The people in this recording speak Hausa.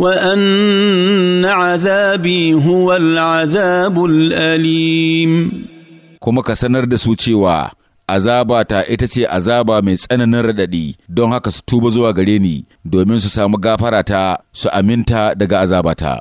وان عذابي هو العذاب الاليم kuma ka sanar da su cewa azabata ita ce azaba mai tsananin radadi, don haka su tuba zuwa gare ni domin su samu gafarata su aminta daga azabata